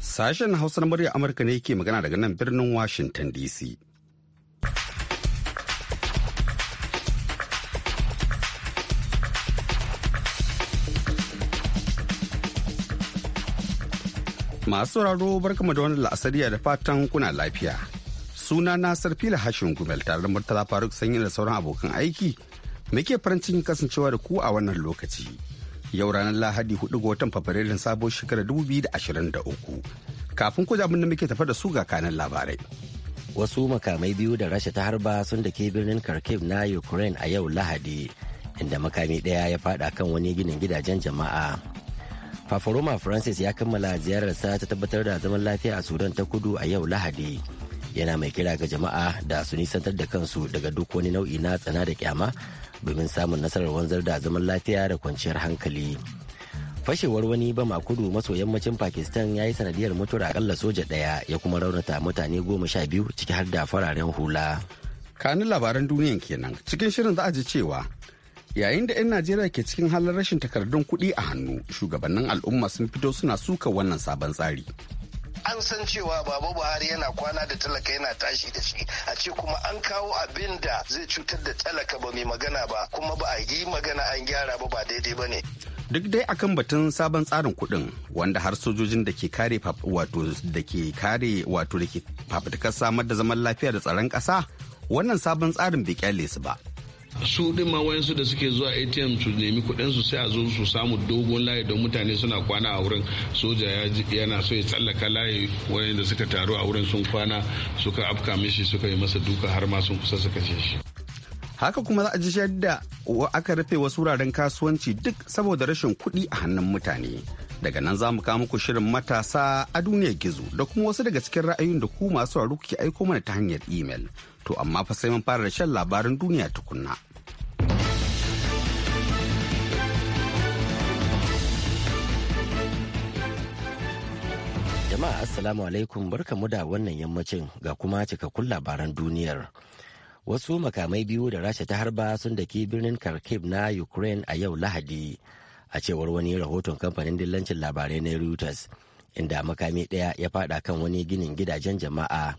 Sashen Hausa na murya Amurka ne ke magana daga nan birnin Washington DC. Masu sauraro barkama da wani la'asariya da fatan kuna lafiya. Suna na Sarfila Hashin Gumel tare da Murtala Faruk Sanyi da sauran abokan aiki. Muke farin cikin kasancewa da ku a wannan lokaci. Yau ranar Lahadi 4 ga watan Fabrairun sabon shekarar 2023. Kafin ku abin da muke tafa da su ga kanan labarai. Wasu makamai biyu da Rasha ta harba sun da ke birnin Kharkiv na Ukraine a yau Lahadi, inda makami daya ya fada kan wani ginin gidajen jama'a. Faforoma Francis ya kammala ziyararsa ta tabbatar da zaman lafiya a Sudan ta kudu a yau Lahadi. yana mai kira ga jama'a da su nisantar da kansu daga duk wani nau'i na tsana da kyama domin samun nasarar wanzar da zaman lafiya da kwanciyar hankali fashewar wani bama kudu maso yammacin pakistan ya yi sanadiyar mutuwar akalla soja daya ya kuma raunata mutane goma sha biyu ciki har da fararen hula kani labaran duniyan kenan cikin shirin za a ji cewa yayin da 'yan najeriya ke cikin halin rashin takardun kuɗi a hannu shugabannin al'umma sun fito suna suka wannan sabon tsari an san cewa baba buhari yana kwana da talaka yana tashi da shi a ce kuma an kawo abin da zai cutar da talaka ba mai magana ba kuma ba a yi magana an gyara ba ba daidai ba ne duk dai akan batun sabon tsarin kuɗin wanda har sojojin da ke kare wato da ke kare wato da ke samar da zaman lafiya da tsaron ƙasa wannan sabon tsarin bai kyale su ba su din ma wayansu da suke zuwa atm su nemi kuɗin su sai a zo su samu dogon layi don mutane suna kwana a wurin soja yana so ya tsallaka layi wayanda suka taru a wurin sun kwana suka afka mishi suka yi masa duka har ma sun kusa su shi haka kuma za a ji da aka rufe wasu wuraren kasuwanci duk saboda rashin kuɗi a hannun mutane daga nan za mu kawo muku shirin matasa a duniyar gizo da kuma wasu daga cikin ra'ayoyin da ku masu ke aiko mana ta hanyar imel to amma fa sai mun fara da shan labarin duniya tukunna Jama'a Assalamu alaikum barkamu da wannan yammacin ga kuma cikakkun labaran duniyar. Wasu makamai biyu da Rasha ta harba sun daki birnin Kharkiv na Ukraine a yau Lahadi, a cewar wani rahoton kamfanin dillancin labarai na Reuters, inda makami ɗaya ya fada kan wani ginin gidajen jama'a.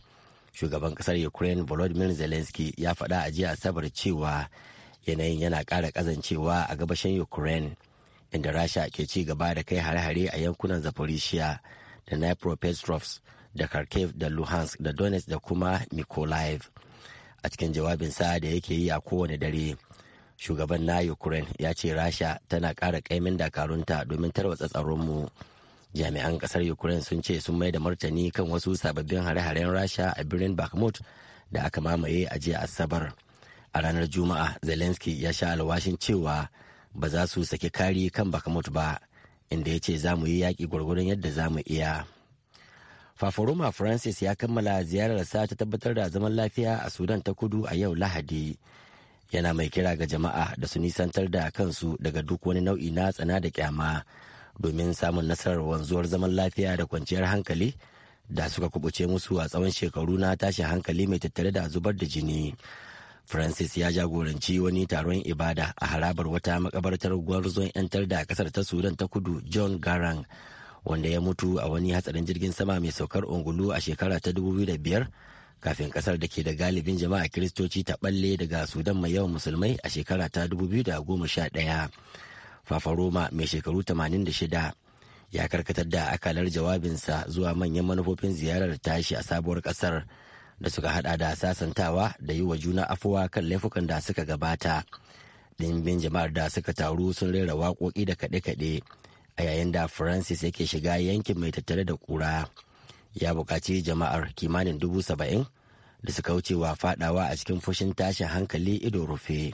Shugaban kasar Ukraine Volodymyr Zelensky ya faɗa a jiya Asabar cewa yanayin yana kara ƙazancewa a gabashin Ukraine, inda Rasha ke ci gaba da kai hare-hare a yankunan Zaporishiya. da Dnipropetrovsk da Kharkiv da Luhansk da Donetsk da kuma Mykolaiv. A cikin jawabin jawabinsa da yake yi a kowane dare, shugaban na Ukraine ya ce Rasha tana ƙara ƙaimin dakarunta domin tarwatsa mu Jami'an ƙasar Ukraine sun ce sun mai da martani kan wasu sababbin hare-haren Rasha a birnin Bakhmut da aka mamaye a jiya Asabar. A ranar Juma'a, Zelensky ya sha alwashin cewa ba za su saki kari kan Bakhmut ba. inda ya ce za mu yi yaƙi gwargwadon yadda za mu iya Fafaroma francis ya kammala ziyarar sa ta tabbatar da zaman lafiya a sudan ta kudu a yau lahadi yana mai kira ga jama'a da su nisantar da kansu daga duk wani nau'i na tsana da kyama domin samun nasarar wanzuwar zaman lafiya da kwanciyar hankali da suka kubuce musu a tsawon shekaru na tashin hankali mai tattare da zubar da jini francis ya jagoranci wani taron ibada a harabar wata makabartar gwarzon 'yantar da kasar ta sudan ta kudu john garang wanda ya mutu a wani hatsarin jirgin sama mai saukar ungulu a shekara ta 2005 kafin kasar da ke da galibin jama'a kiristoci ta balle daga sudan mai yawan musulmai a shekara ta 2011 fafaroma mai shekaru 86 ya karkatar da akalar jawabinsa zuwa manyan manufofin ziyarar tashi a sabuwar kasar da suka hada da sasantawa da yi wa juna afuwa kan laifukan da suka gabata dimbin jama'ar da suka taru sun rera waƙoƙi da kaɗe-kaɗe a yayin da francis yake shiga yankin mai tattare da ƙura ya buƙaci jama'ar kimanin dubu saba'in da suka wuce wa fadawa a cikin fushin tashin hankali ido rufe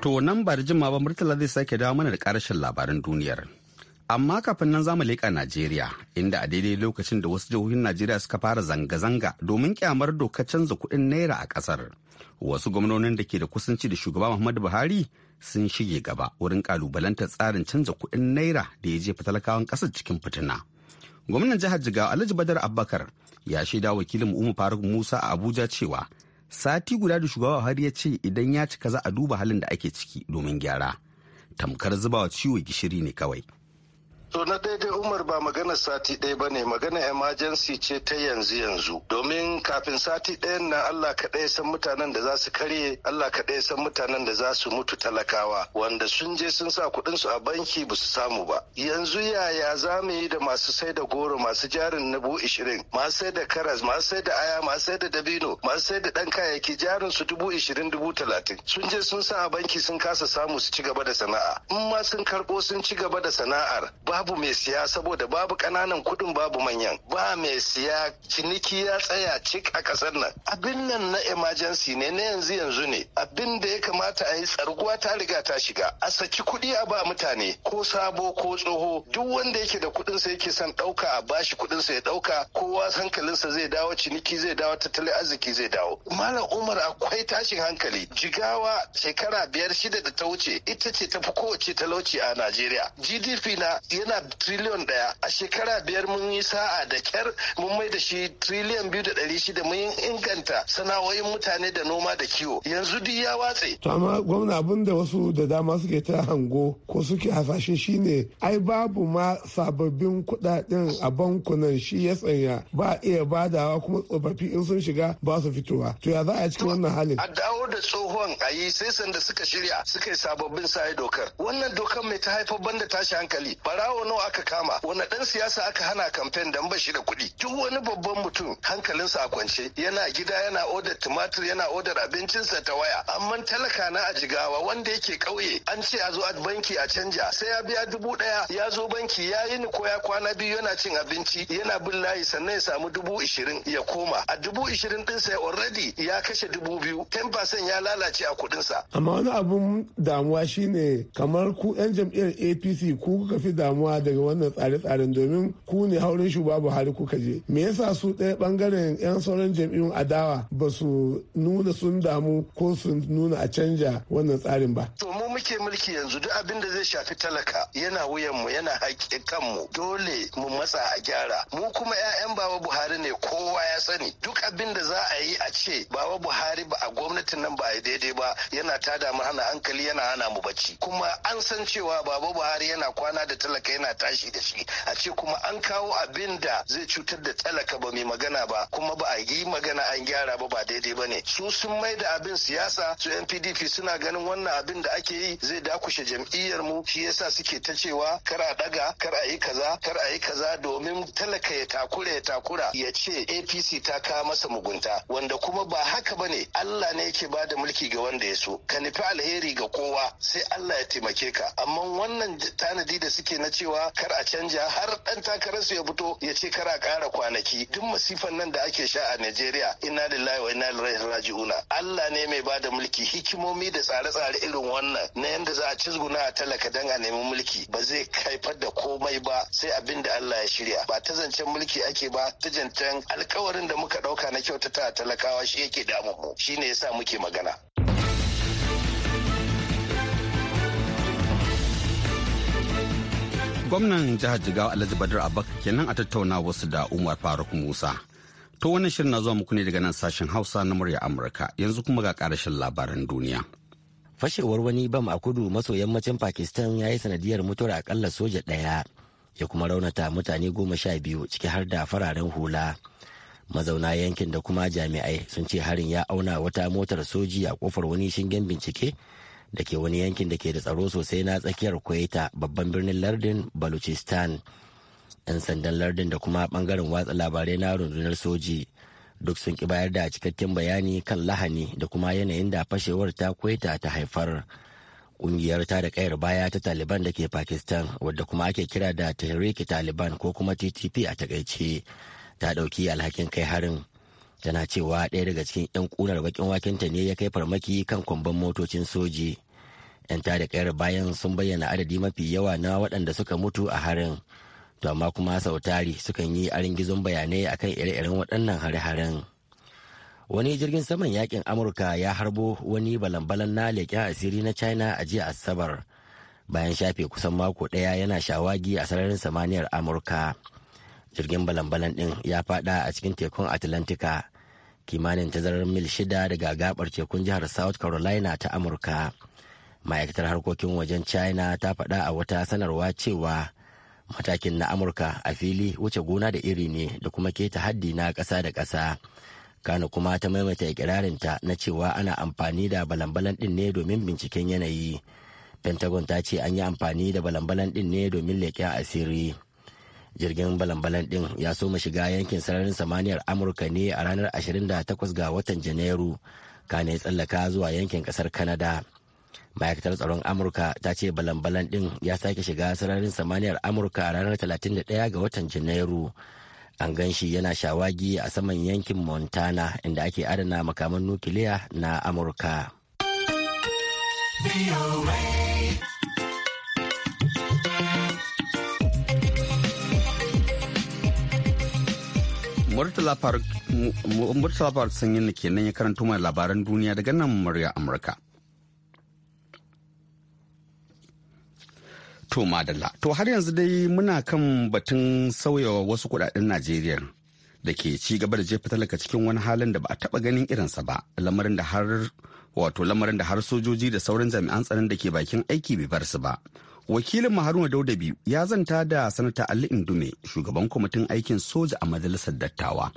to nan ba da jima ba murtala zai sake dawo mana da ƙarashin labaran duniyar Amma kafin nan zamu leƙa Najeriya, inda a daidai lokacin da wasu jihohin Najeriya suka fara zanga-zanga domin kyamar doka canza kuɗin naira a ƙasar. Wasu gwamnonin da ke da kusanci da shugaba Muhammadu Buhari sun shige gaba wurin kalubalantar tsarin canza kuɗin naira da ya jefa talakawan ƙasar cikin fitina. Gwamnan jihar Jigawa Alhaji Badar Abubakar ya shaida wakilin Umar Faruk Musa a Abuja cewa sati guda da shugaba Buhari ya ce idan ya cika za a duba halin da ake ciki domin gyara. Tamkar zubawa ciwo gishiri ne kawai. To na daidai Umar ba magana sati ɗaya ba ne magana emergency ce ta yanzu yanzu domin kafin sati ɗayan nan Allah ɗaya san mutanen da za su karye Allah ɗaya san mutanen da za su mutu talakawa wanda sun je sun sa kuɗin su a banki ba su samu ba. Yanzu yaya za mu yi da masu sai da goro masu jarin na bu ishirin masu sai da karas masu sai da aya masu sai da dabino masu sai da ɗan kayayyaki jarin su dubu ishirin dubu talatin sun je sun sa a banki sun kasa samu su ci gaba da sana'a in ma sun karɓo sun ci gaba da sana'ar ba babu mai siya saboda babu kananan kuɗin babu manyan ba mai siya ciniki ya tsaya cik a kasar nan abin nan na emergency ne na yanzu yanzu ne abin da ya kamata a yi tsarguwa ta riga ta shiga a saki kuɗi a ba mutane ko sabo ko tsoho duk wanda yake da kuɗin sa yake son ɗauka a bashi kuɗin sa ya ɗauka kowa hankalinsa zai dawo ciniki zai dawo tattalin arziki zai dawo malam umar akwai tashin hankali jigawa shekara biyar shida da ta wuce ita ce ta fi kowace talauci a najeriya gdp na yana triliyon daya a shekara biyar mun yi sa'a da kyar mun mai da shi triliyon biyu da ɗari shida mun inganta sana'o'in mutane da noma da kiwo yanzu duk ya watse. to amma gwamna abin da wasu da dama suke ta hango ko suke hasashe shine ai babu ma sababbin kuɗaɗen a bankunan shi ya tsanya ba iya badawa kuma tsofaffi in sun shiga ba su fitowa to ya za a cikin wannan halin. a dawo da tsohon a yi sai sanda suka shirya suka yi sababbin sa dokar wannan dokar mai ta haifar banda tashi hankali barawo barawo nawa aka kama wani dan siyasa aka hana kamfen dan bashi da kuɗi duk wani babban mutum hankalinsa a kwance yana gida yana odar tumatir yana odar abincinsa ta waya amma talaka na a jigawa wanda yake kauye an ce a zo a banki a canja sai ya biya dubu ɗaya ya zo banki ya yi ni koya kwana biyu yana cin abinci yana bin layi sannan ya samu dubu ishirin ya koma a dubu ishirin ɗinsa ya already ya kashe dubu biyu ten ya lalace a kuɗinsa. amma wani abun damuwa shine kamar ku 'yan jam'iyyar apc ku kuka fi damuwa gudunmawa daga wannan tsare-tsaren domin ku ne hauren shugaba buhari kuka je me yasa su ɗaya bangaren yan sauran jam'iyyun adawa ba su nuna sun damu ko su nuna a canja wannan tsarin ba to mu muke mulki yanzu duk abin da zai shafi talaka yana wuyan mu yana haƙƙin kanmu dole mu matsa a gyara mu kuma 'ya'yan baba buhari ne kowa ya sani duk abin da za a yi a ce baba buhari ba a gwamnatin nan ba a daidai ba yana tada mu hana hankali yana hana mu bacci kuma an san cewa baba buhari yana kwana da talaka yana tashi da shi a ce kuma an kawo abin da zai cutar da talaka ba mai magana ba kuma ba a yi magana an gyara ba ba daidai ba ne su sun mai da abin siyasa su yan pdp suna ganin wannan abin da ake yi zai dakushe jam'iyyar mu shi yasa suke ta cewa kar a daga kar a yi kaza kar a yi kaza domin talaka ya takura ya takura ya ce apc ta kawo masa mugunta wanda kuma ba haka ba ne allah ne yake ba da mulki ga wanda ya so ka nufi alheri ga kowa sai allah ya taimake ka amma wannan tanadi da suke na cewa cewa kar a canja har dan takararsu ya fito ya ce kar a kara kwanaki duk masifan nan da ake sha a Najeriya inna lillahi wa inna ilaihi raji'una Allah ne mai bada mulki hikimomi da tsare-tsare irin wannan na yanda za a cizguna a talaka dan a nemi mulki ba zai kaifar da komai ba sai abin da Allah ya shirya ba ta zancen mulki ake ba ta zancen alkawarin da muka dauka na kyautata talakawa shi yake damu mu shine yasa muke magana Gwamnan jihar Jigawa Alhaji Badar Abak kenan a tattauna wasu da Umar Faruk Musa. To wannan shirin na zuwa muku ne daga nan sashen Hausa na murya Amurka yanzu kuma ga karashin labaran duniya. Fashewar wani bam a kudu maso yammacin Pakistan ya yi sanadiyar mutuwar akalla soja ɗaya ya kuma raunata mutane goma sha biyu ciki har da fararen hula. mazauna yankin da kuma jami'ai sun ce harin ya auna wata motar soji a kofar wani shingen bincike da ke wani yankin da ke da tsaro sosai na tsakiyar Kwaita babban birnin lardin Baluchistan. 'Yan sandan lardin da kuma bangaren watsa labarai na rundunar soji duk sun ki bayar da cikakken bayani kan lahani da kuma yanayin da fashewar ta Kwaita ta haifar. ƙungiyarta ta da kayar baya ta Taliban da ke Pakistan wadda kuma ake kira da Tehrik Taliban ko kuma TTP a takaice ta ɗauki alhakin kai harin. tana cewa ɗaya daga cikin 'yan ƙunar baƙin wakenta ne ya kai farmaki kan kwamban motocin soji 'yan tada kayar bayan sun bayyana adadi mafi yawa na waɗanda suka mutu a harin to amma kuma sautari sukan yi arin gizon bayanai akan ire-iren waɗannan hare-haren wani jirgin saman yakin amurka ya harbo wani balan-balan na leƙen asiri na china a jiya asabar bayan shafe kusan mako ɗaya yana shawagi a sararin samaniyar amurka jirgin balan-balan ɗin ya faɗa a cikin tekun atlantika kimanin tazarar mil shida daga gabar tekun jihar south carolina ta amurka ma'aikatar harkokin wajen china ta faɗa a wata sanarwa cewa matakin na amurka a fili wuce gona da iri ne da kuma keta haddi na ƙasa da ƙasa kano kuma ta maimaita ikirarinta na cewa ana amfani da balan-balan ɗin ne domin binciken yanayi pentagon ta ce an yi amfani da balan-balan ɗin ne domin leƙen asiri jirgin balan-balan din ya soma shiga yankin sararin samaniyar amurka ne a ranar 28 ga watan janairu kane tsallaka zuwa yankin ƙasar Kanada. ma'aikatar tsaron amurka ta ce balan-balan din ya sake shiga sararin samaniyar amurka a ranar 31 ga watan janairu an gan shi yana shawagi a saman yankin montana inda ake adana makaman nukiliya na amurka. Murtala Faruk Sanyin da kenan ya karanta mana labaran duniya daga nan murya Amurka. To madalla, to har yanzu dai muna kan batun sauyawa wasu kudaden Najeriya da ke ci gaba da jefa talaka cikin wani halin da ba a taba ganin irinsa ba, lamarin da har wato lamarin da har sojoji da sauran jami'an tsaron da ke bakin aiki bai bar su ba. wakilin haruna dauda biyu ya zanta da sanata ali indume shugaban kwamitin aikin soja a majalisar dattawa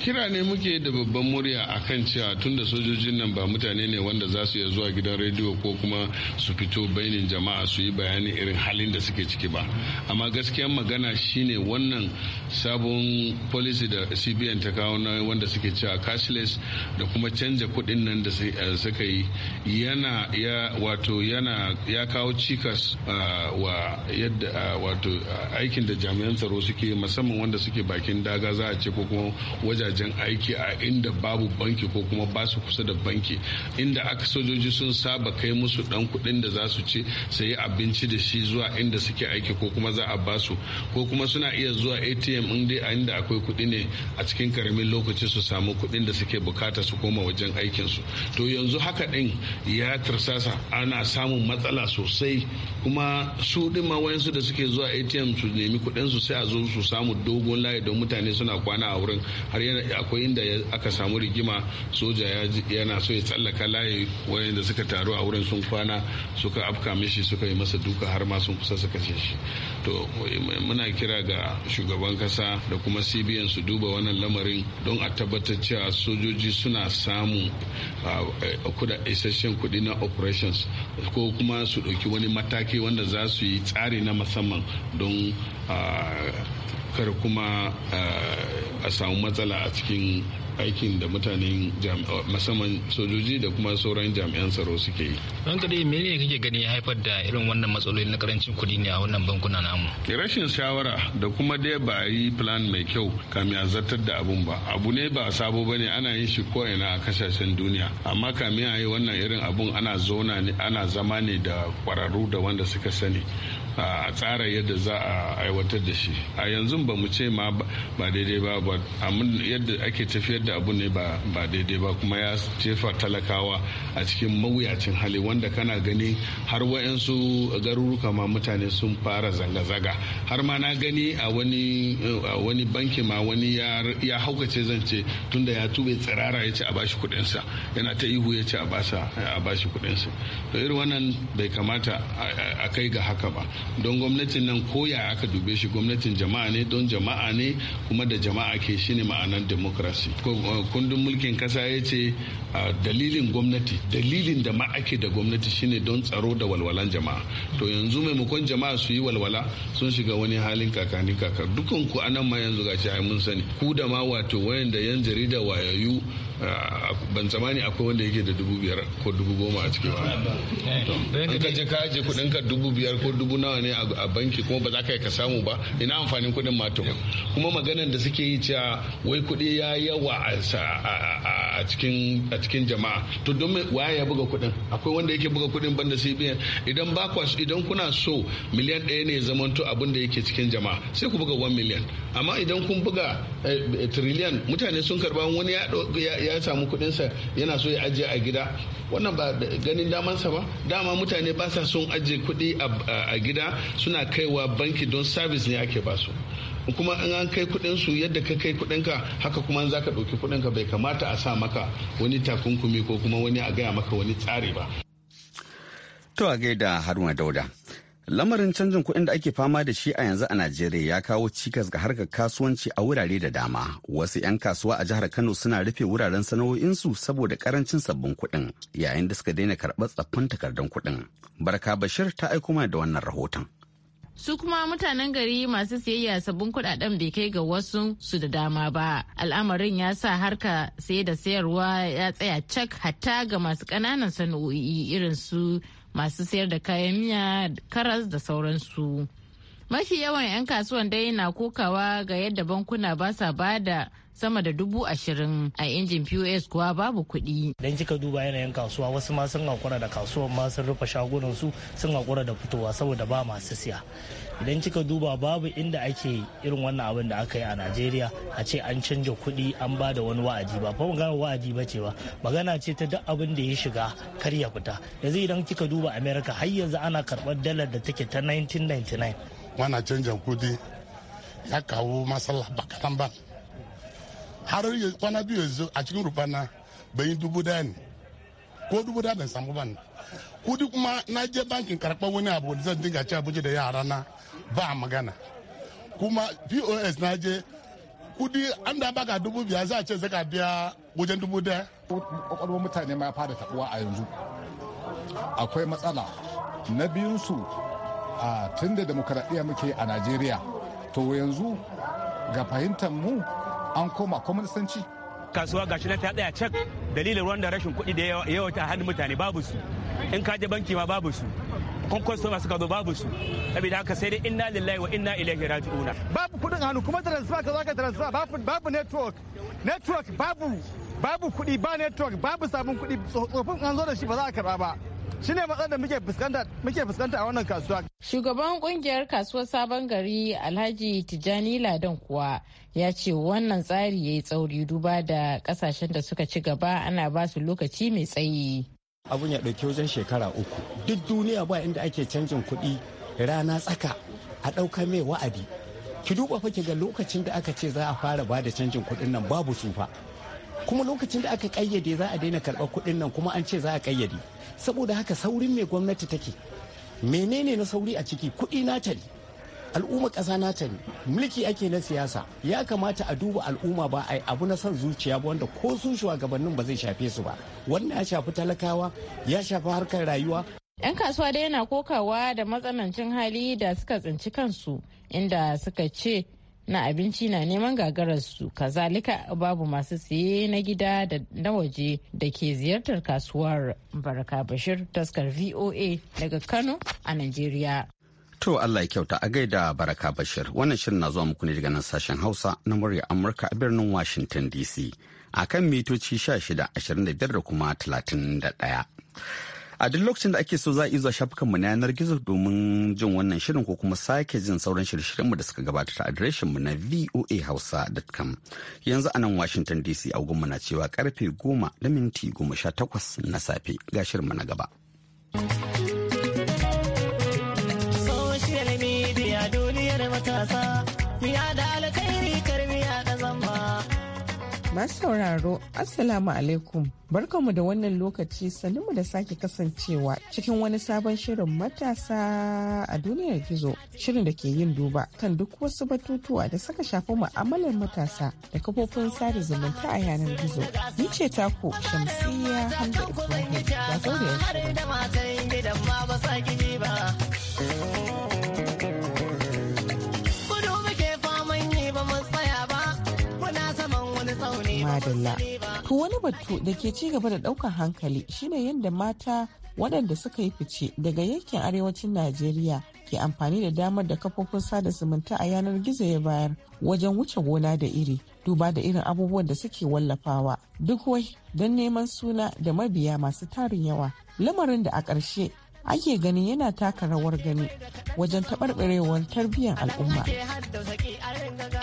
kira ne muke da babban murya a kan cewa tunda sojojin nan ba mutane ne wanda za su iya zuwa gidan rediyo ko kuma su fito bainin jama'a su yi bayani irin halin da suke ciki ba amma gaskiyan magana shine wannan sabon policy da cbn ta kawo na wanda suke cewa cashless da kuma canja kuɗin nan da eh, suka yi yana ya wato yana ya kawo cikas ah, wa yadda ah, wato ah, aikin da jami'an tsaro suke musamman wanda suke bakin daga za a ce ko kuma wajen gidajen aiki a inda babu banki ko kuma ba su kusa da banki inda aka sojoji sun saba kai musu dan kuɗin da za su ci sayi abinci da shi zuwa inda suke aiki ko kuma za a ba su ko kuma suna iya zuwa atm in dai a inda akwai kuɗi ne a cikin karamin lokaci su samu kuɗin da suke bukata su koma wajen su to yanzu haka din ya tarsasa ana samun matsala sosai kuma su ma wayansu da suke zuwa atm su nemi kuɗinsu sai a zo su samu dogon layi don mutane suna kwana a wurin har akwai inda aka samu rigima soja yana so ya tsallaka layi wayanda suka taru a wurin sun kwana suka afka mishi suka yi masa duka har ma sun kusa suka ce shi to muna kira ga shugaban kasa da kuma cbn su duba wannan lamarin don a tabbatar cewa sojoji suna samun kuda isasshen kudi na operations ko kuma su ɗauki wani mataki wanda za su yi tsari na musamman don kar kuma eh, a samu matsala a cikin aikin da mutanen musamman sojoji da kuma sauran jami'an tsaro suke yi. Don kare mene kake gani ya haifar da irin wannan matsaloli na karancin kudi ne a wannan bankuna namu? Rashin shawara da kuma dai ba a yi plan mai kyau kamin a zartar da abun ba. Abu ne ba sabo ba ne ana yin shi ko'ina a kasashen duniya. Amma kamin a yi wannan irin abun ana ana zama ne da kwararru da wanda suka sani. a tsara yadda za a aiwatar da shi a yanzu ba mu ce ma ba daidai ba ba yadda ake tafiyar da abu ne ba daidai ba kuma ya jefa talakawa a cikin mawuyacin hali wanda kana gani har wayansu garuruka ma mutane sun fara zanga-zanga har ma na gani a wani banki ma wani ya haukace zance tunda ya tube tsirara ya ce a bashi kudinsa yana ta ihu ya ce a bashi kudinsa to irin wannan bai kamata a kai ga haka ba don gwamnatin nan koya aka dube shi gwamnatin jama'a ne don jama'a ne kuma da jama'a ke shine ma'anar demokrasi eh, kundin mulkin kasa ya ce dalilin gwamnati dalilin da ma ake da gwamnati shine don tsaro da walwalan jama'a to yanzu maimakon jama'a su yi walwala sun shiga wani halin kakani kakar dukan anan ma yanzu gashi ai mun sani ku da ma wato wayanda yan jarida wayayu Ah, ban tsamani akwai wanda yake da dubu biyar ko dubu goma a cikin wani ka je ka aje kudin ka dubu biyar ko dubu nawa ne a banki kuma ba za ka yi ka samu ba ina amfanin kudin mato kuma maganar da suke yi cewa wai kudi ya yawa a cikin jama'a to don waya ya buga kudin akwai wanda yake buga kudin banda biyan idan ba idan kuna so miliyan ɗaya ne zamanto abin da yake cikin jama'a sai ku buga 1 miliyan amma idan kun buga eh, eh, triliyan mutane sun karba wani ya ya samu kuɗinsa yana so ya ajiye a gida wannan ba ganin damansa ba dama mutane ba sa son ajiye kuɗi a gida suna kaiwa banki don sabis ne ake basu kuma in an kai kuɗin su yadda ka kai kuɗinka haka kuma za ka ɗauki kuɗinka bai kamata a sa maka wani takunkumi ko kuma wani a gaya maka wani tsari ba. To a gaida Haruna Dauda. Lamarin canjin kuɗin da ake fama da shi a yanzu a Najeriya ya kawo cikas ga harkar kasuwanci a wurare da dama. Wasu 'yan kasuwa a jihar Kano suna rufe wuraren sana'o'insu saboda karancin sabbin kuɗin yayin da suka daina karɓar tsaffin takardun kuɗin. Barka Bashir ta aiko mana da wannan rahoton. su kuma mutanen gari masu siyayya sabbin kudaden bai kai ga wasu su da dama ba al'amarin ya sa harka saye da sayarwa ya tsaya cak hatta ga masu kananan sana'o'i irin su masu sayar da kayan miya karas da sauransu mafi yawan 'yan kasuwan dai na kokawa ga yadda bankuna ba sa bada sama da dubu ashirin a injin pos kuwa babu kuɗi. dan kika duba yanayin kasuwa wasu ma sun hakura da kasuwan ma sun rufe shagunansu sun hakura da fitowa saboda ba masu siya idan kika duba babu inda ake irin wannan abin da aka yi a najeriya a ce an canja kuɗi an ba da wani wa'adi ba fa magana wa'adi ba ce ba magana ce ta duk abin da ya shiga kar ya fita yanzu idan kika duba america har yanzu ana karɓar dalar da take ta 1999 wana canjan kuɗi ya kawo matsala ba kaɗan ba har kwana biyu yanzu a cikin rubana bayin dubu daya ne ko dubu daya ban samu ban kudi kuma na je bankin karɓar wani abu da zan dinga ci abinci da yara na ba magana kuma pos na je kudi an da baka dubu biyar za a ce zaka biya wajen dubu daya kwakwalwar mutane ma ya fara taɓuwa a yanzu akwai matsala na biyunsu a tun da demokaradiyya muke a najeriya to yanzu ga fahimtar mu an koma kwamnisanci kasuwa gashi na ta tsaya cak dalilin ruwan da rashin kuɗi da yawa ta hannun mutane babu su in ka je banki ma babu su kun kwastoma masu zo babu su saboda haka sai dai inna lillahi wa inna ilaihi raji'un babu kudin hannu kuma transfer ka zaka transfer babu babu network network babu babu kudi ba network babu sabon kudi tsofin an zo da shi ba za a karba ba shi ne matsalar da muke fuskanta muke fuskanta a wannan kasuwa. Shugaban kungiyar kasuwar sabon gari Alhaji tijani Ladan kuwa ya ce wannan tsari yayi tsauri duba da kasashen da suka ci gaba ana ba su lokaci mai tsayi. abun ya ɗauki wajen shekara uku duk duniya ba inda ake canjin kuɗi rana tsaka a ɗauka mai wa'adi ki duba fa ki ga lokacin da aka ce za a fara ba da canjin kuɗin nan babu sufa kuma lokacin da aka kayyade za a daina karɓar kuɗin nan kuma an ce za a kayyade saboda haka saurin mai gwamnati take menene na sauri a ciki kuɗi na tare al'umma ƙasa nata ne mulki ake na siyasa ya kamata a duba al'umma ba a abu na son zuciya ba wanda ko su shugabannin ba zai shafe su ba wannan ya shafi talakawa ya shafi harkar rayuwa 'Yan kasuwa dai yana kokawa da matsanancin hali da suka tsinci kansu inda suka ce na abinci na neman gagarar su kazalika babu masu siye na gida da na waje da ke ziyartar kasuwar baraka bashir taskar voa daga kano a nigeria To Allah ya kyauta a gaida Baraka Bashir. Wannan shirin na zuwa muku ne daga nan sashen Hausa na murya Amurka a birnin Washington DC. A kan mitoci 16, 25 da kuma 31. a duk lokacin da ake so za a zuwa shafukanmu na yanar gizo domin jin wannan shirin ko kuma sake jin sauran shirye mu da suka gabata ta adireshinmu na voahausa.com yanzu a nan washington dc agogonmu na cewa karfe goma da minti goma na safe ga shirin mu na gaba. Masu sauraro, Assalamu alaikum. Barkanmu da wannan lokaci sanimu da sake kasancewa cikin wani sabon shirin matasa a duniyar gizo. Shirin da ke yin duba kan duk wasu batutuwa da suka shafi mu'amalar matasa da kafofin sada zumunta a yanar gizo. Ni ce ta ku Shamsiyya Hamza Ibrahim. Ba madalla. To wani batu da ke ci gaba da ɗaukar hankali shine yadda mata waɗanda suka yi fice daga yankin arewacin Najeriya ke amfani da damar da kafofin sada zumunta a yanar gizo ya bayar wajen wuce gona da iri duba da irin abubuwan da suke wallafawa duk wai don neman suna da mabiya masu tarin yawa lamarin da a ƙarshe ake gani yana taka rawar gani wajen taɓarɓarewar tarbiyyar al'umma.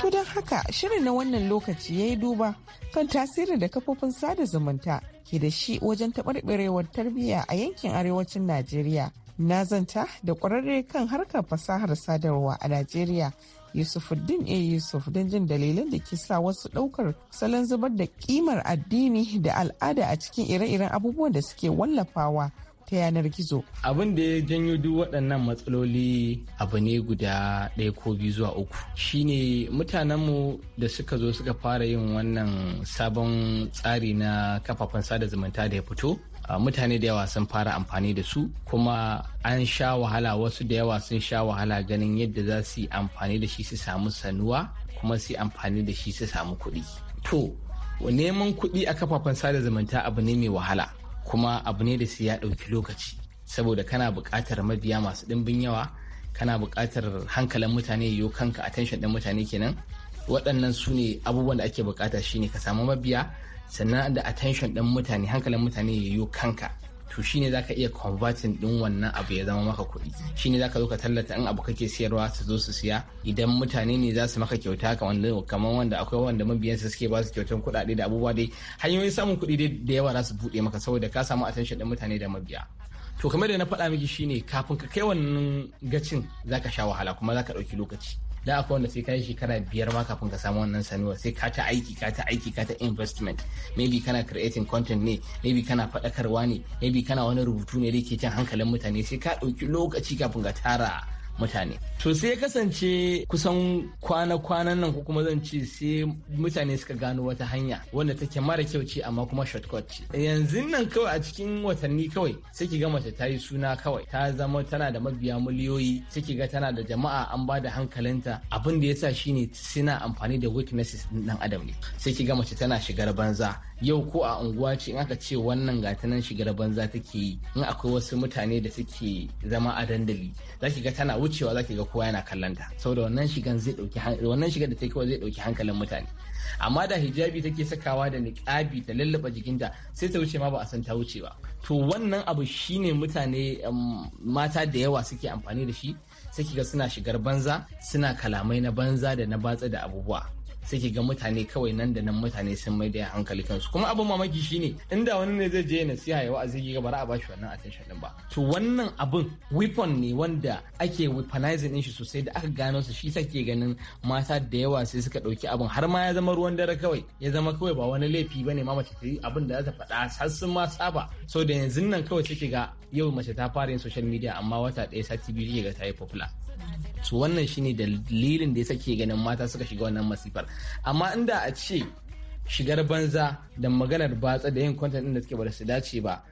To don haka shirin na wannan lokaci ya yi duba kan tasirin da kafofin sada zumunta ke da shi wajen taɓarɓarewar tarbiyya a yankin arewacin Najeriya. Na zanta da ƙwararre kan harkar fasahar sadarwa a Najeriya Yusufuddin A. Yusuf don jin dalilan da ke sa wasu ɗaukar salon zubar da ƙimar addini da al'ada a cikin ire-iren abubuwan da suke wallafawa ta yanar gizo. Abin da ya janyo duk waɗannan matsaloli abu ne guda ɗaya ko biyu zuwa uku. Shine mutanenmu da suka zo suka fara yin wannan sabon tsari na kafafen sada zumunta da ya fito. mutane da yawa sun fara amfani da su kuma an sha wahala wasu da yawa sun sha wahala ganin yadda za su yi amfani da shi su samu sanuwa kuma su yi amfani da shi su samu kuɗi to neman kuɗi a kafafen sada zumunta abu ne mai wahala kuma abu ne da sai ya ɗauki lokaci saboda kana buƙatar mabiya masu ɗimbin yawa kana buƙatar hankalin mutane yiwu kanka a attention ɗin mutane kenan waɗannan su ne abubuwan da ake buƙata shine ka samu mabiya sannan da attention ɗin mutane hankalin mutane yiwu kanka to shine ka iya converting din wannan abu ya zama maka kuɗi shine ka zo ka tallata in abu kake siyarwa su zo su siya idan mutane ne za su maka kyauta kamar wanda akwai wanda su suke ba su kyautan kuɗaɗe da abubuwa dai hanyoyin samun kuɗi dai da yawa za su buɗe maka saboda ka samu attention din mutane da mabiya to kamar da na faɗa miki shine kafin ka kai wannan gacin za ka sha wahala kuma za ka ɗauki lokaci da akwai wanda sai ka yi shekara biyar ma kafin ka samu wannan sanuwar sai ka ta aiki ka ta aiki ka ta investment maybe kana creating content ne maybe kana faɗakarwa ne maybe kana wani rubutu ne da ke jan hankalin mutane sai ka ɗauki lokaci kafin ka tara mutane. To sai ya kasance kusan kwana-kwanan nan ko kuma zan ce sai mutane suka gano wata hanya wanda take mara kyau ce amma kuma shortcut ce. Yanzu nan kawai a cikin watanni kawai sai ki ga mace ta yi suna kawai ta zama tana da mabiya miliyoyi sai ki ga tana da jama'a an ba da hankalinta abin da yasa shine suna amfani da weaknesses ɗin dan adam ne. Sai ki ga mace tana shigar banza yau ko a unguwa ce in aka ce wannan gata nan shigar banza take yi in akwai wasu mutane da suke zama a dandali za ki ga tana wucewa za ki ga kowa yana kallon ta saboda wannan shigan zai dauki wannan shigar da take zai dauki hankalin mutane amma da hijabi take sakawa da niqabi da lallaba jikinta sai ta wuce ma ba a san ta wuce ba to wannan abu shine mutane um, mata da yawa suke amfani da shi sai ga suna shigar banza suna kalamai na banza da na batsa da abubuwa sai ga mutane kawai nan da nan mutane sun mai da hankali kansu kuma abin mamaki shine inda wani ne zai je na nasiha ya wa'azi ki ga bara a bashi wannan attention din ba to wannan abin weapon ne wanda ake weaponizing din shi sosai da aka gano su shi sake ganin mata da yawa sai suka dauki abin har ma ya zama ruwan dare kawai ya zama kawai ba wani laifi bane ma mace ta yi abin da za ta faɗa har sun ma saba so da yanzu nan kawai take ga yau mace ta fara yin social media amma wata ɗaya sati biyu ga ta yi popular to wannan shine dalilin da ya sake ganin mata suka shiga wannan masifar amma inda a ce shigar banza da maganar batsa da yin kwantar inda da suke ba su dace ba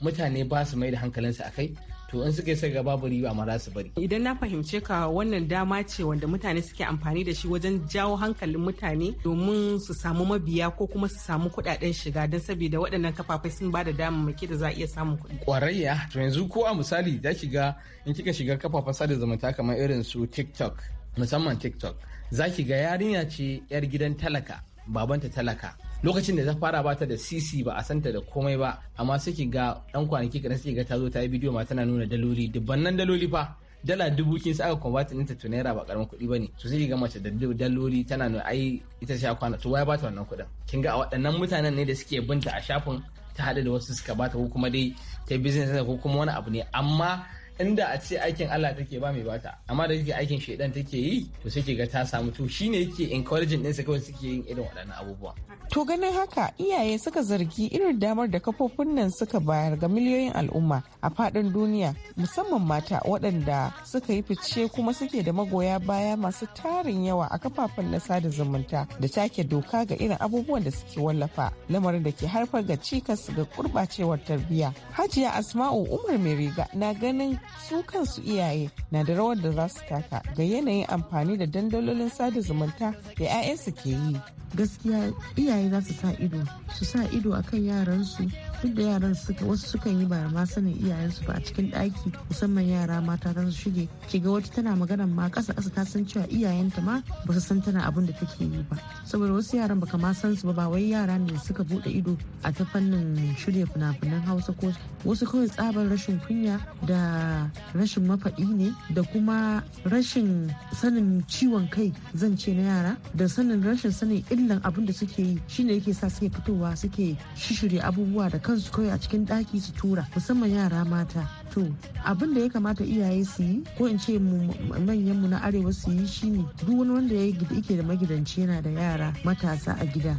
mutane ba su mai da hankalinsu a kai to in suka sai ga babu riba ma za su bari. Idan na fahimce ka wannan dama ce wanda mutane suke amfani da shi wajen jawo hankalin mutane domin su samu mabiya ko kuma su samu kuɗaɗen shiga don saboda waɗannan kafafai sun ba da damammaki da za a iya samun kuɗi. Ƙwarayya ah, to yanzu ko a misali za ki ga in kika shiga kafafen sada zumunta kamar irin su TikTok musamman TikTok za ki ga yarinya ce 'yar gidan talaka babanta talaka lokacin da ta fara bata da sisi ba a santa da komai ba amma sai ki ga dan kwanaki kadan sai ga ta zo ta yi bidiyo ma tana nuna daloli dubbannan daloli fa dala dubu kin sa aka convert ɗinta to naira ba karamin kuɗi bane to sai ga mace da daloli tana nuna ai ita sha kwana to waya bata wannan kuɗin kin ga a waɗannan mutanen ne da suke binta a shafin ta hada da wasu suka bata ko kuma dai ta business ko kuma wani abu ne amma inda a ce aikin Allah take ba mai bata amma da take aikin shedan take yi to sai ga ta samu to shine yake encouraging din sa kawai suke yin irin waɗannan abubuwa to ganin haka iyaye suka zargi irin damar da kafofin nan suka bayar ga miliyoyin al'umma a fadin duniya musamman mata waɗanda suka yi fice kuma suke da magoya baya masu tarin yawa a kafafen na sada zumunta da take doka ga irin abubuwan da suke wallafa lamarin da ke haifar ga cikas ga gurɓacewar tarbiyya hajiya asma'u umar mai riga na ganin su kansu iyaye na da rawar da za su taka ga yanayin amfani da dandalolin sada zumunta da 'ya'yansu ke yi gaskiya iyaye za su sa ido su sa ido kan yaransu duk da yaran suka wasu sukan yi ba ma sanin iyayensu ba a cikin ɗaki musamman yara mata za su shige kiga wata tana magana ma kasa ƙasa ta san cewa iyayenta ma ba su san tana abin da take yi ba saboda wasu yaran baka ma san su ba ba wai yara ne suka buɗe ido a ta fannin shirya fina-finan hausa ko wasu kawai tsabar rashin kunya da rashin mafaɗi ne da kuma rashin sanin ciwon kai zan ce na yara da sanin rashin sanin illan abin da suke yi shine yake sa suke fitowa suke shishire abubuwa da kansu kawai a cikin ɗaki su tura musamman yara mata to abin da ya kamata iyaye su yi ko in ce manyan mu na arewa su yi shine duk wani wanda ya yake da magidanci yana da yara matasa a gida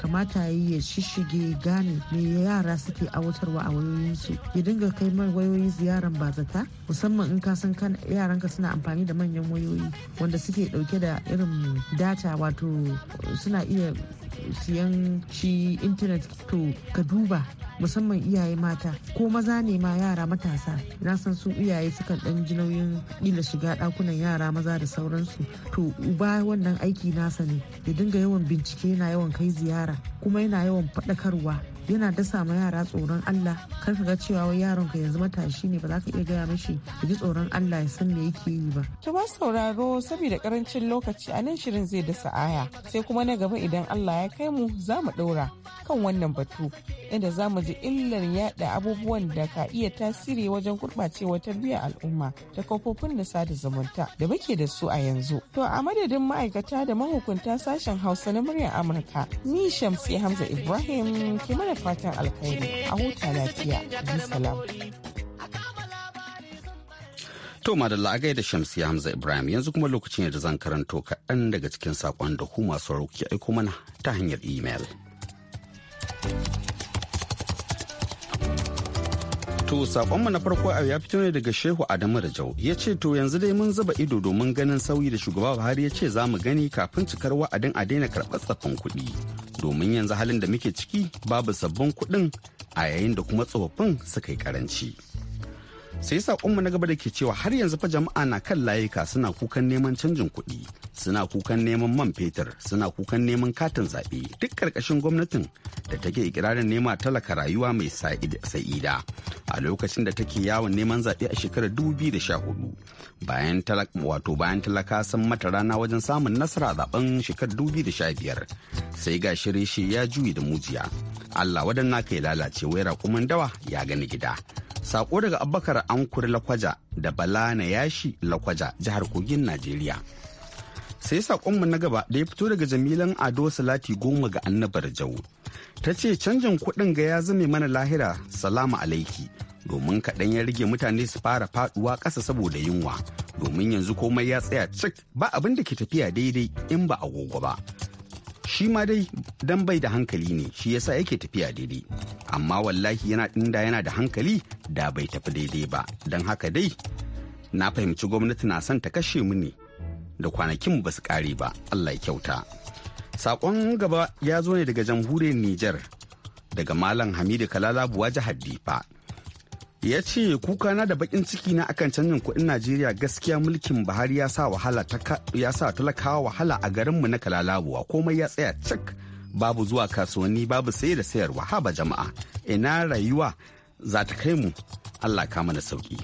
kamata yi ya shishige gane me yara suke awatarwa a wayoyinsu ya dinga kai mai wayoyi ziyaran bazata musamman in ka san kan yaranka suna amfani da manyan wayoyi wanda suke dauke da irin data wato suna iya siyan shi intanet to ka duba musamman iyaye mata ko maza ne ma yara matasa na san su iyaye sukan dan ji nauyin ila shiga dakunan yara maza da sauransu to uba wannan aiki nasa ne ya dinga yawan bincike yana yawan kai ziyara kuma yana yawan faɗakarwa yana dasa ma yara tsoron Allah kar ka ga cewa wai yaron ka yanzu matashi ne ba za ka iya gaya mishi ka ji tsoron Allah ya san me yake yi ba. To ba sauraro saboda karancin lokaci a nan shirin zai dasa aya sai kuma na gaba idan Allah ya kai mu za mu ɗaura kan wannan batu inda za mu ji illar yaɗa abubuwan da ka iya tasiri wajen gurɓacewar tarbiyyar al'umma ta kafofin da sada zumunta da muke da su a yanzu. To a madadin ma'aikata da mahukunta sashen Hausa na muryar Amurka ni Shamsi Hamza Ibrahim ke mana fatan alkhairi a huta lafiya salam To madalla a gaida Shamsi Hamza Ibrahim yanzu kuma lokacin da zan karanto kaɗan daga cikin saƙon da kuma masu rauki aiko mana ta hanyar imel. To saƙonmu na farko a ya fito ne daga Shehu Adamu da jau ya ce to yanzu dai mun zuba ido domin ganin sauyi da shugaba Buhari ya ce za mu gani kafin cikar wa'adin a daina karɓar tsaffin kuɗi. domin yanzu halin da muke ciki babu sabbin kuɗin a yayin da kuma tsofaffin suka yi karanci. sai saƙonmu na gaba da ke cewa har yanzu fa jama'a na kan layuka suna kukan neman canjin kuɗi suna kukan neman man fetur suna kukan neman katin zaɓe duk ƙarƙashin gwamnatin da take ikirarin nema talaka rayuwa mai sa'ida a lokacin da take yawon neman zaɓe a shekarar 2014 bayan wato bayan talaka san mata rana wajen samun nasara a zaben shekarar biyar sai ga shirye ya juyi da mujiya Allah wadan ka ya lalace wai raƙumin dawa ya gani gida Sako daga Abubakar Ankur Lakwaja da Bala na Yashi Lakwaja jihar Kogin Najeriya. Sai sakonmu na gaba da ya fito daga Jamilan Ado Salati Goma ga Annabar Jau. Ta ce canjin kuɗin ga ya zame mana lahira salamu alaiki domin kaɗan ya rage mutane su fara faɗuwa ƙasa saboda yunwa domin yanzu komai ya tsaya cik ba abin da ke tafiya daidai in ba agogo ba. shi ma dai dan bai da hankali ne shi yasa yake tafiya daidai amma wallahi yana inda yana da hankali da bai tafi daidai ba don haka dai na fahimci gwamnati na son ta kashe mu ne da kwanakin ba su kare ba allah ya kyauta sakon gaba ya zo ne daga jamhuriyar Nijar daga malam hamidu kalala buwa jihar difa ya ce kuka na da bakin ciki na akan canjin kuɗin najeriya gaskiya mulkin buhari ya sa wahala ya sa talakawa wahala a garinmu na kalalabuwa komai ya tsaya cik babu zuwa kasuwanni babu saye da sayarwa haba jama'a ina rayuwa za ta kai mu allah kama da sauki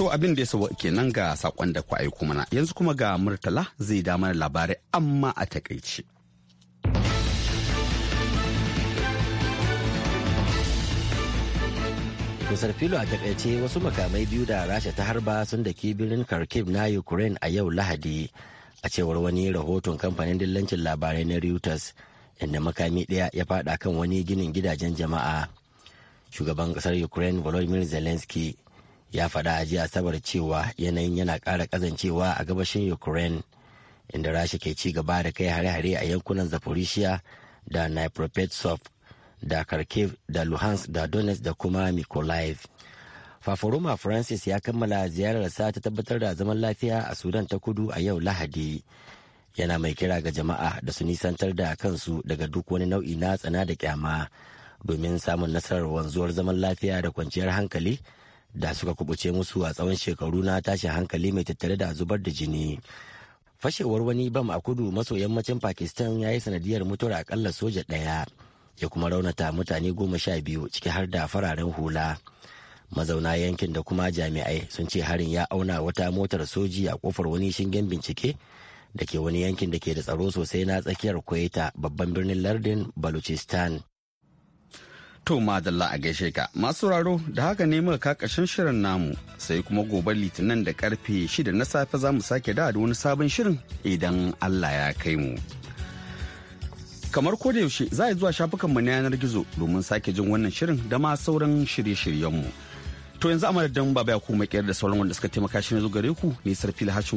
To abin da ya sawa kenan ga sakon da ku aiko mana yanzu kuma ga Murtala zai da mana labarai amma a takaice. Kusar filo a takaice wasu makamai biyu da rasha ta harba sun da birnin Kharkiv na Ukraine a yau Lahadi a cewar wani rahoton kamfanin dillancin labarai na Reuters inda makami ɗaya ya fada kan wani ginin gidajen jama'a. Shugaban ƙasar Ukraine Volodymyr Zelensky ya faɗa a jiya asabar cewa yanayin yana ƙara ƙazancewa a gabashin ukraine inda rasha ke ci gaba da kai hare-hare a yankunan zaporishiya da dnipropetrovsk da kharkiv da luhansk da donetsk da kuma mykolaiv faforoma francis ya kammala ziyarar ta tabbatar da zaman lafiya a sudan ta kudu a yau lahadi yana mai kira ga jama'a da su nisantar da kansu daga duk wani nau'i na tsana da kyama domin samun nasarar wanzuwar zaman lafiya da kwanciyar hankali da suka kubuce musu a tsawon shekaru na tashin hankali mai tattare da zubar da jini fashewar wani bam a kudu maso yammacin pakistan ya yi sanadiyar mutuwar akalla soja ɗaya ya kuma raunata mutane goma sha biyu ciki har da fararen hula mazauna yankin da kuma jami'ai sun ce harin ya auna wata motar soji a kofar wani shingen bincike da ke wani yankin da ke da tsaro sosai na tsakiyar kwaita babban birnin lardin baluchistan To madalla a gaishe ka masu sauraro da haka ne muka kakashin shirin namu sai kuma gobe litinin da karfe shida na safe za mu sake da wani sabon shirin idan Allah ya kai mu. Kamar yaushe za a zuwa shafukanmu na yanar gizo domin sake jin wannan shirin da ma sauran shirye-shiryenmu. To yanzu a madadin baba ya kuma da sauran wanda suka taimaka shi ne zo gare ku ne sarfi